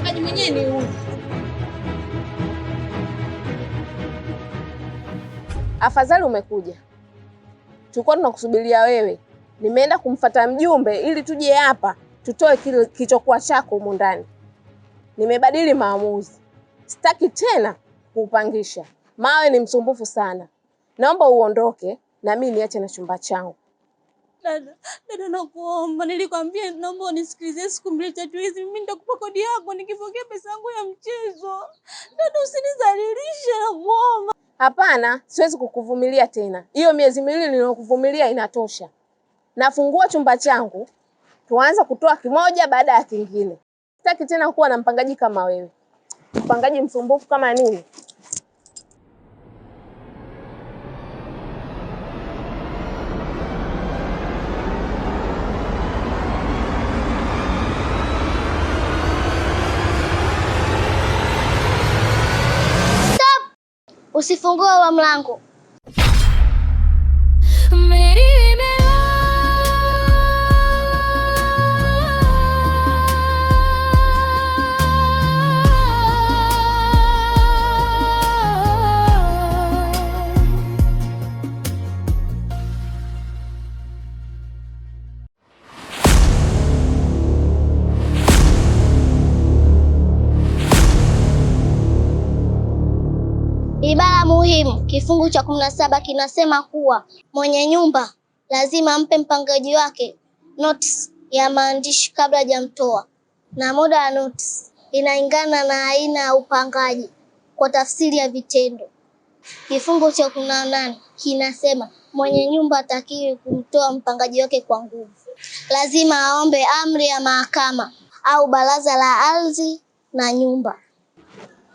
mpangaji mwenyewe ni huyu. Afadhali umekuja, tulikuwa tunakusubiria wewe. Nimeenda kumfata mjumbe ili tuje hapa tutoe kile kilichokuwa chako humu ndani. Nimebadili maamuzi, sitaki tena kuupangisha. Mawe ni msumbufu sana, naomba uondoke na mimi niache na chumba changu. Dada, dada, nakuomba, nilikwambia naomba unisikilize siku mbili tatu hizi, mimi nitakupa kodi yako nikipokea pesa yangu ya mchezo. Dada, usinizalilishe, nakuomba. Hapana, siwezi kukuvumilia tena. Hiyo miezi miwili niliyokuvumilia inatosha. Nafungua chumba changu, tuanze kutoa kimoja baada ya kingine. Sitaki tena kuwa na mpangaji kama wewe, mpangaji msumbufu kama nini. usifungue wa mlango. Kifungu cha kumi na saba kinasema kuwa mwenye nyumba lazima ampe mpangaji wake notice ya maandishi kabla hajamtoa, na muda wa notice inaingana na aina ya upangaji kwa tafsiri ya vitendo. Kifungu cha kumi na nane kinasema mwenye nyumba atakiwe kumtoa mpangaji wake kwa nguvu, lazima aombe amri ya mahakama au baraza la ardhi na nyumba.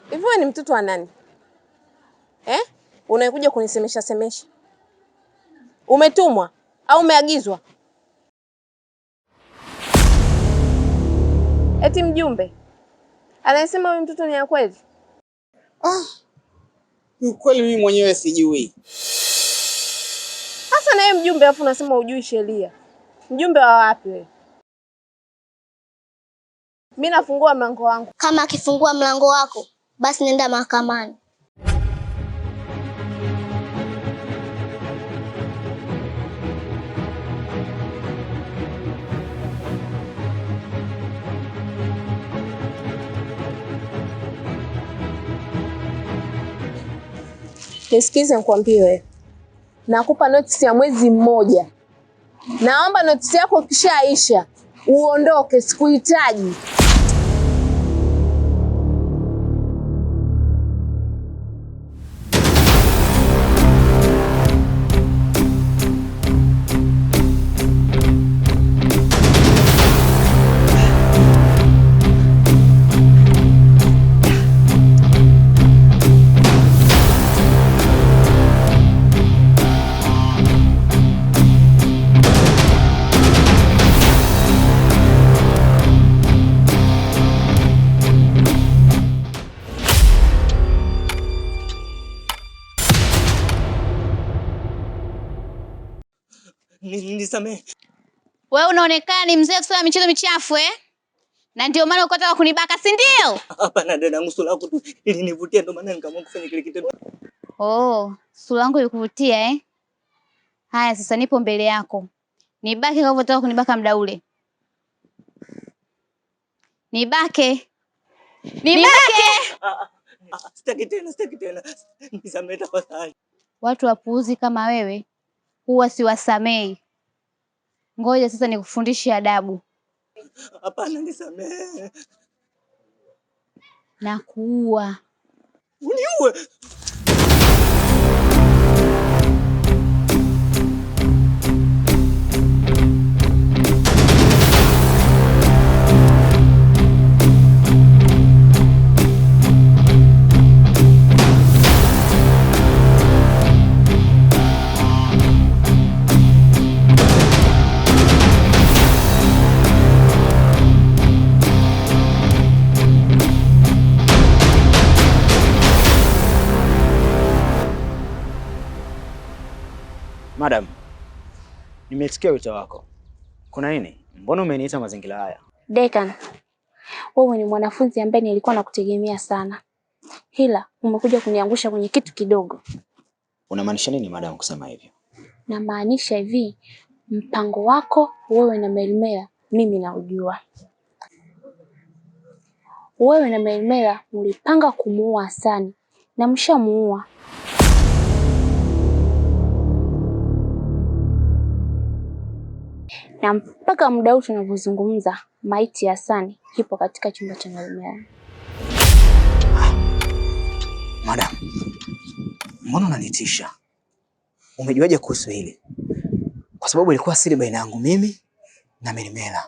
Hivyo ni mtoto wa nani eh? unayekuja kunisemesha semesha, umetumwa au umeagizwa? Eti mjumbe anayesema huyu mtoto ni ya kweli? Ah, ni ukweli, mimi mwenyewe sijui. Sasa naye mjumbe, alafu unasema hujui sheria. Mjumbe wa wapi wewe? Mimi nafungua mlango wangu. Kama akifungua mlango wako, basi nenda mahakamani. nisikize nikwambie wewe. Nakupa notisi ya mwezi mmoja. Naomba notisi yako kishaisha uondoke, sikuhitaji. nisamehe. Wewe unaonekana ni mzee kusema michezo michafu eh? Na ndio maana uko unataka kunibaka, si ndio? Hapana dada, ngusu yako tu ili nivutie, ndio maana nikaamua kufanya kile kitendo. Oh, sura yangu ilikuvutia eh? Haya sasa nipo mbele yako. Nibake kama unataka kunibaka muda ule. Nibake. Nibake. Ah, ah, sitaki tena, sitaki tena. Nisamehe tafadhali. Watu wapuuzi kama wewe huwa siwasamei. Ngoja sasa nikufundishe adabu. Hapana, nisamehe. Nakuua. Uniue? Madam, nimesikia wito wako. Kuna nini? Mbona umeniita mazingira haya? Dekan, wewe ni mwanafunzi ambaye nilikuwa nakutegemea sana, hila umekuja kuniangusha kwenye kitu kidogo. Unamaanisha nini madam kusema hivyo? Namaanisha hivi, mpango wako wewe na Melmela mimi naujua. Wewe na Melmela mlipanga kumuua Hasani na mshamuua. na mpaka muda huu tunavyozungumza, maiti ya Hassan kipo katika chumba cha Ah, Madam, mbona unanitisha? Umejuaje kuhusu hili? Kwa sababu ilikuwa siri baina yangu mimi na Merimela.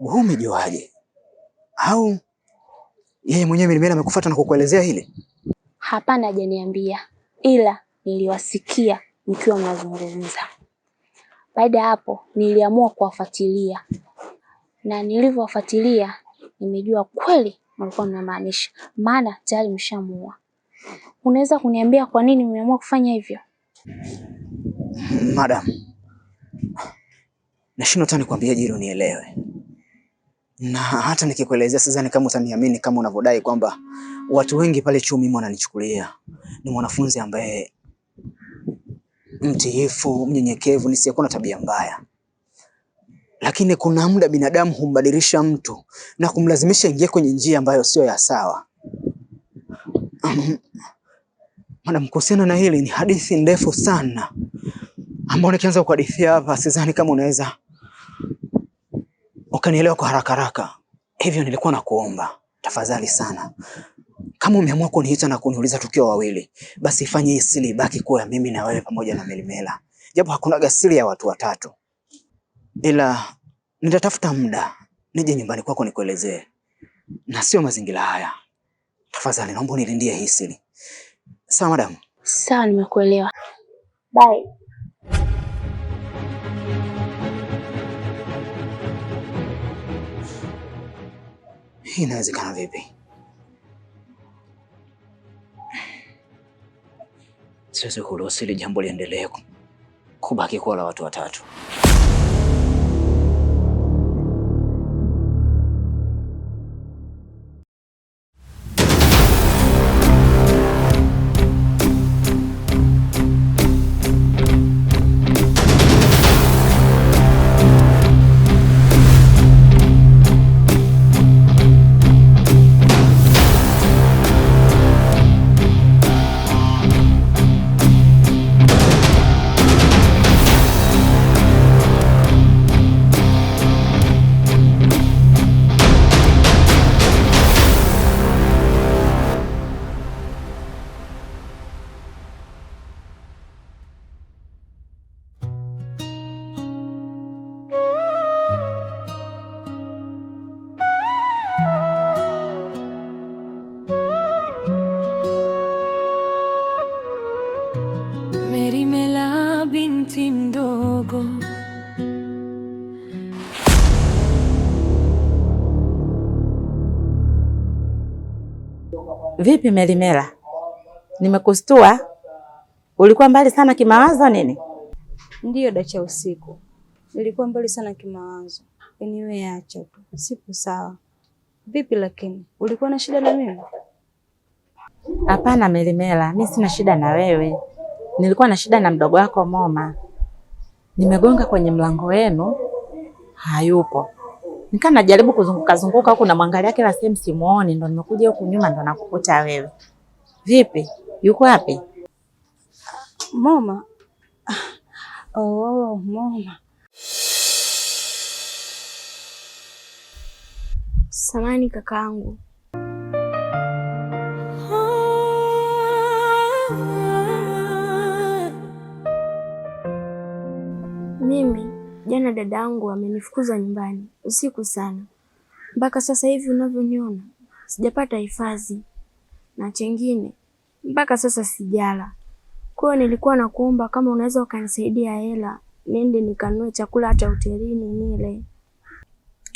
Wewe umejuaje? Au yeye mwenyewe Merimela amekufuata na kukuelezea hili? Hapana, hajaniambia, ila niliwasikia mkiwa mnazungumza. Baada ya hapo niliamua kuwafuatilia na nilivyowafuatilia nimejua kweli mlikuwa mnamaanisha, maana tayari mshamuua. Unaweza kuniambia kwa nini mmeamua kufanya hivyo? Madam, nashindwa hata nikwambia jiri unielewe, na hata nikikuelezea sidhani kama utaniamini kama unavyodai kwamba watu wengi pale chuo mimi wananichukulia ni mwanafunzi ambaye mtiifu, mnyenyekevu, nisiyekuwa na tabia mbaya. Lakini kuna muda binadamu humbadilisha mtu na kumlazimisha ingie kwenye njia ambayo sio ya sawa. Madam, kuhusiana na hili ni hadithi ndefu sana ambayo nikianza kuhadithia hapa, sidhani kama unaweza ukanielewa kwa haraka haraka. Hivyo nilikuwa nakuomba tafadhali sana kama umeamua kuniita na kuniuliza tukiwa wawili, basi ifanye hii siri ibaki kuwa mimi na wewe pamoja na Melimela, japo hakunaga siri ya watu watatu, ila nitatafuta muda nije nyumbani kwako nikuelezee, na sio mazingira haya. Tafadhali naomba unilindie hii siri. Sawa madam? Sawa, nimekuelewa. Bye. Inawezekana vipi? Siwezi kuruhusu hili jambo liendelee kubaki kuwa la watu watatu. Vipi Melimela, nimekustua? Ulikuwa mbali sana kimawazo nini? Ndiyo Dacha, usiku nilikuwa mbali sana kimawazo. Eniwe, tu, sipo sawa. Vipi lakini, ulikuwa na shida na mimi? Hapana Melimela, mi sina shida na wewe, nilikuwa na shida na mdogo wako Moma. Nimegonga kwenye mlango wenu, hayupo nika najaribu kuzunguka zunguka huko namwangalia kila sehemu simuone, ndo nimekuja huku nyuma ndo nakukuta wewe. Vipi, yuko wapi mama? Ah, oh, mama samani kakaangu Jana dadangu amenifukuza nyumbani usiku sana, mpaka sasa hivi unavyoniona sijapata hifadhi, na chengine mpaka sasa sijala. Kwa hiyo nilikuwa nakuomba kama unaweza ukanisaidia hela niende nikanue chakula hata hotelini nile.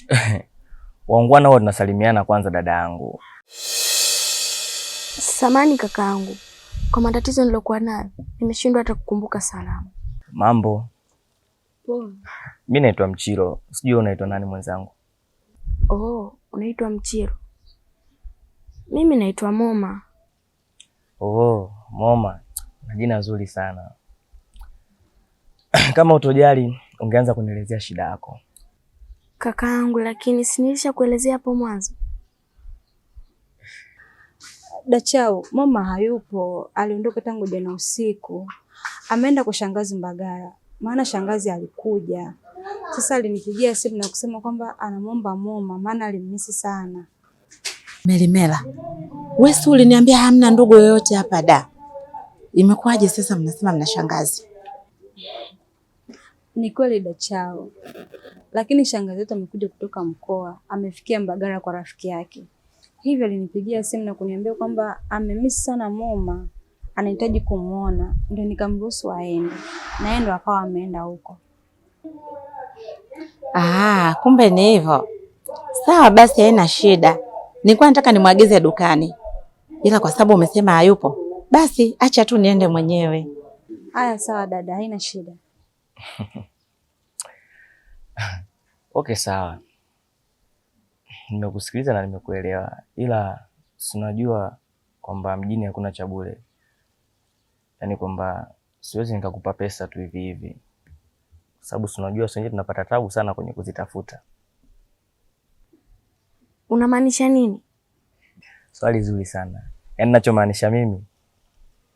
Wangwana huwa tunasalimiana kwanza, dada yangu. Samani kakaangu kwa matatizo nilokuwa nayo, nimeshindwa hata kukumbuka salamu. Mambo mi naitwa Mchiro. Sijui unaitwa nani mwenzangu? Oh, unaitwa Mchiro. Mimi naitwa Moma. Oh, Moma. Na jina zuri sana. Kama utojali ungeanza kunielezea shida yako. Kakaangu, lakini si kuelezea hapo mwanzo. Dachau, Moma hayupo, aliondoka tangu jana usiku. Ameenda kwa shangazi Mbagara maana shangazi alikuja. Sasa alinipigia simu na kusema kwamba anamwomba Moma, maana alimisi sana. Melimela, wewe si uliniambia hamna ndugu yoyote hapa da? Imekuwaje sasa mnasema mna shangazi? Ni kweli da chao, lakini shangazi yetu amekuja kutoka mkoa, amefikia Mbagara kwa rafiki yake, hivyo alinipigia simu na kuniambia kwamba amemisi sana Moma anahitaji kumwona, ndio nikamruhusu aende, na yeye ndo akawa ameenda huko. Ah, kumbe ni hivyo. Sawa basi, haina shida. Nilikuwa nataka nimwagize dukani, ila kwa sababu umesema hayupo, basi acha tu niende mwenyewe. Haya, sawa dada, haina shida. Okay, sawa, nimekusikiliza na nimekuelewa, ila si unajua kwamba mjini hakuna cha bure yani kwamba siwezi nikakupa pesa tu hivi hivi, kwa sababu tunajua sisi tunapata tabu sana kwenye kuzitafuta. Unamaanisha nini? Swali zuri sana. Yani nachomaanisha mimi,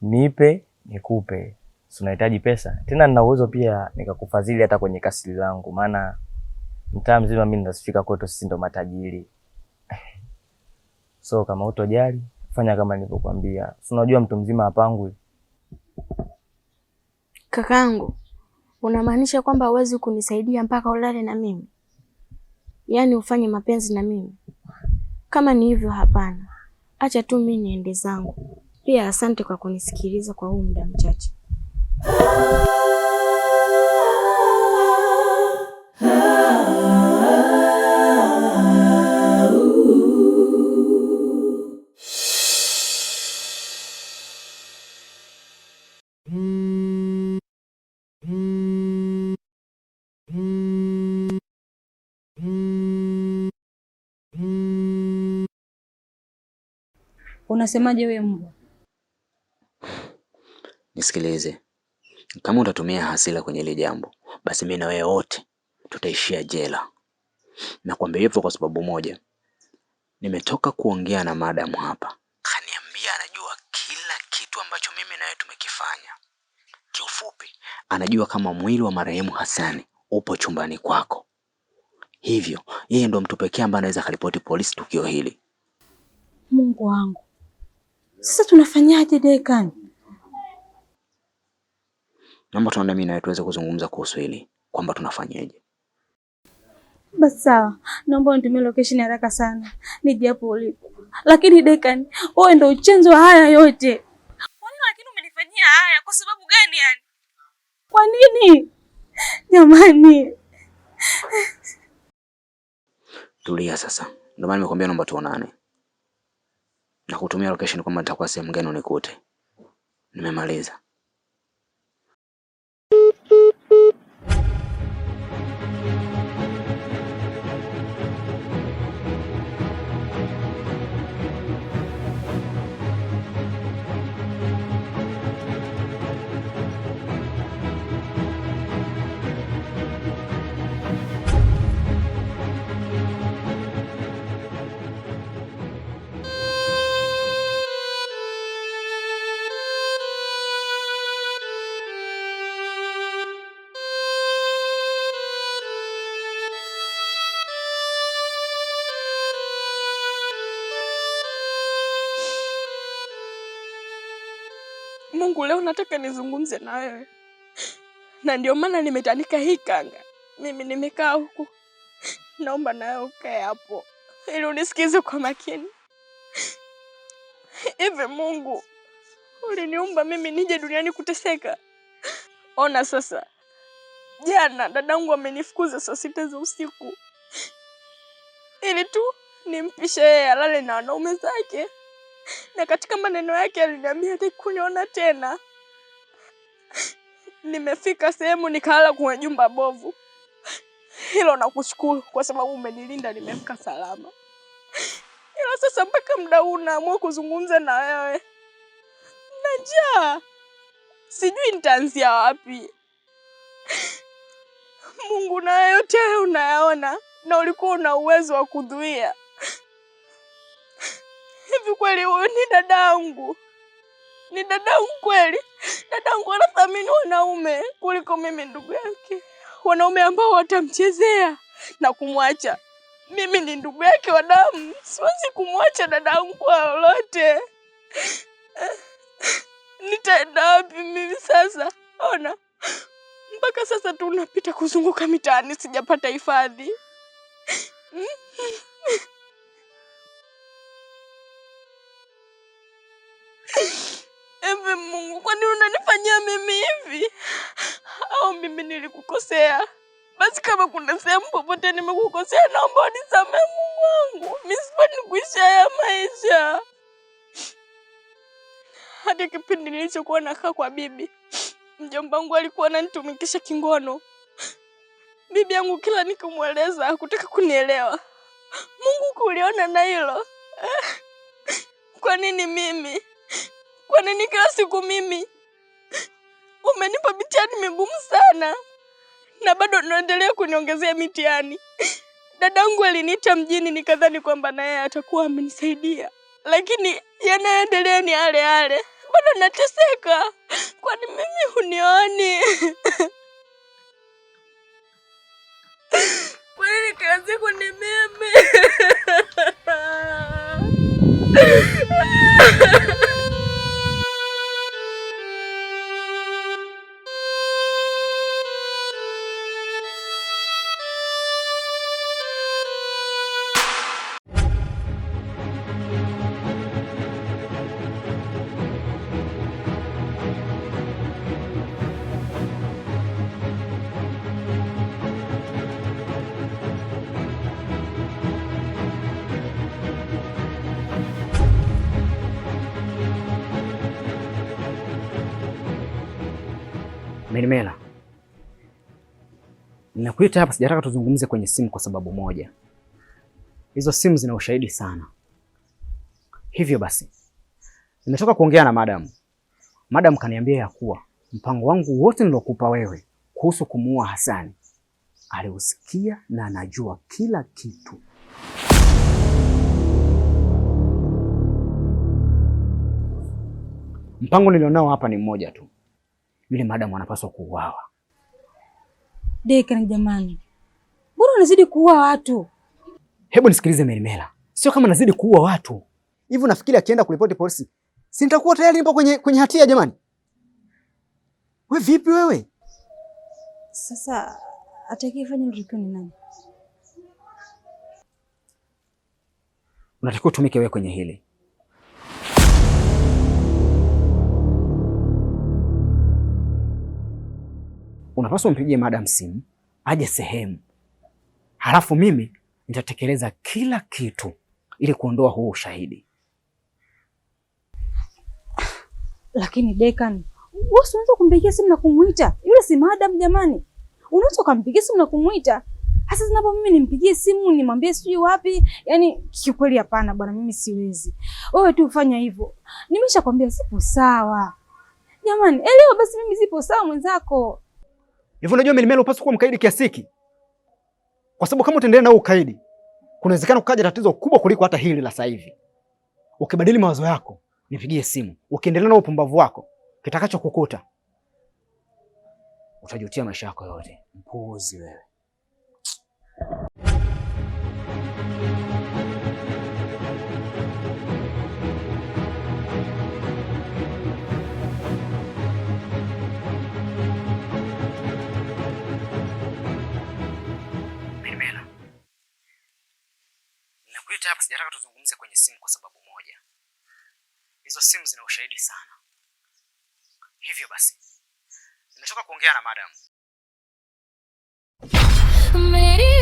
nipe nikupe, si unahitaji pesa tena, nina uwezo pia nikakufadhili hata kwenye kasiri langu, maana mtaa mzima mimi ninasifika kwetu sisi ndo matajiri so kama utojali fanya kama nilivyokuambia, si unajua mtu mzima hapangwi. Kakangu, unamaanisha kwamba huwezi kunisaidia mpaka ulale na mimi, yaani ufanye mapenzi na mimi? Kama ni hivyo, hapana, acha tu mimi niende zangu. Pia asante kwa kunisikiliza kwa huu muda mchache. Unasemaje wewe mbwa? Nisikilize, kama utatumia hasila kwenye ile jambo, basi mimi na wewe wote tutaishia jela. Nakwambia hivyo kwa sababu moja, nimetoka kuongea na madam hapa, kaniambia anajua kila kitu ambacho mimi na wewe tumekifanya. Kiufupi, anajua kama mwili wa marehemu Hasani upo chumbani kwako, hivyo yeye ndo mtu pekee ambaye anaweza akaripoti polisi tukio hili. Mungu wangu, sasa tunafanyaje Dekan? Naomba tunaenda mimi nawe tuweze kuzungumza kuhusu hili kwamba tunafanyaje. Basi sawa, naomba unitumie location haraka sana nije hapo ulipo. Lakini Dekan, wewe ndio uchenzo wa haya yote. Kwa nini lakini umenifanyia haya? Kwa sababu gani yani? Kwa nini jamani? Tulia sasa, ndio maana nimekuambia naomba tuonane na kutumia location kwamba nitakuwa sehemu gani unikute. Nimemaliza. Mungu, leo nataka nizungumze na wewe, na ndio maana nimetandika hii kanga. Mimi nimekaa huku, naomba na wewe ukae hapo ili unisikize kwa makini. Hivi Mungu, uliniumba mimi nije duniani kuteseka? Ona sasa, jana dadangu amenifukuza saa sita za usiku ili tu nimpishe yeye alale na wanaume zake na katika maneno yake aliniambia hataki kuniona tena. Nimefika sehemu nikalala kwenye jumba bovu. Hilo nakushukuru kwa sababu umenilinda, nimefika salama. Ila sasa mpaka muda huu naamua kuzungumza na wewe, na njaa, sijui nitaanzia wapi. Mungu, na yote unayaona na ulikuwa una uwezo wa kudhuia hivi kweli huyu ni dadangu? Ni dadangu kweli? Dadangu anathamini wanaume kuliko mimi, ndugu yake, wanaume ambao watamchezea na kumwacha. Mimi ni ndugu yake wa damu, siwezi kumwacha dadangu kwa lolote. Nitaenda wapi mimi sasa? Ona, mpaka sasa tunapita kuzunguka mitaani, sijapata hifadhi. Ewe Mungu, kwa nini unanifanyia mimi hivi? Au mimi nilikukosea? Basi kama kuna sehemu popote nimekukosea, naomba unisamehe Mungu wangu, misipani kuisha haya maisha. Hadi kipindi nilichokuwa nakaa kwa bibi, mjomba wangu alikuwa ananitumikisha kingono. Bibi yangu kila nikimweleza hakutaka kunielewa. Mungu kuliona na hilo. Eh, kwa nini mimi? Kwa nini kila siku mimi umenipa mitihani migumu sana na bado unaendelea kuniongezea mitihani? Dadangu aliniita mjini, nikadhani kwamba naye atakuwa amenisaidia, lakini yanayoendelea ni yale yale, bado nateseka. Kwani mimi hunioni? Kwa nini kila siku ni mimi? Nimekuita hapa sijataka tuzungumze kwenye simu kwa sababu moja. Hizo simu zina ushahidi sana. Hivyo basi, nimetoka kuongea na madam. Madam kaniambia ya kuwa mpango wangu wote nilokupa wewe kuhusu kumuua Hasani aliusikia na anajua kila kitu. Mpango nilionao hapa ni mmoja tu, yule madam anapaswa kuuawa. Dekani jamani, mbona unazidi kuua watu? Hebu nisikilize Merimela, sio kama nazidi kuua watu hivyo. Nafikiri akienda kuripoti polisi, si nitakuwa tayari nipo kwenye, kwenye hatia jamani. We vipi wewe sasa, atakayefanya ndio ni nani? Unatakiwa utumike wewe kwenye hili unapaswa mpigie madam simu aje sehemu, halafu mimi nitatekeleza kila kitu ili kuondoa huo ushahidi. Lakini Dekan, wewe unaweza kumpigia simu na kumwita yule si madam? Jamani, unaweza ukampigia simu na kumwita hasa zinapo mimi nimpigie simu nimwambie sijui wapi? Yani kiukweli, hapana bwana, mimi siwezi. Wewe tu fanya hivyo, nimeshakwambia sipo sawa. Jamani, elewa basi, mimi sipo sawa mwenzako. Hivyo unajua Melimela upaswa kuwa mkaidi kiasi hiki, kwa sababu kama utaendelea na ukaidi, kunawezekana kukaja tatizo kubwa kuliko hata hili la sasa hivi. Ukibadili mawazo yako, nipigie simu, ukiendelea na upumbavu wako, kitakachokukuta utajutia maisha yako yote. Mpuuzi wewe. Kuita hapa sijataka tuzungumze kwenye simu kwa sababu moja, hizo simu zina ushahidi sana. Hivyo basi nimetoka kuongea na madam.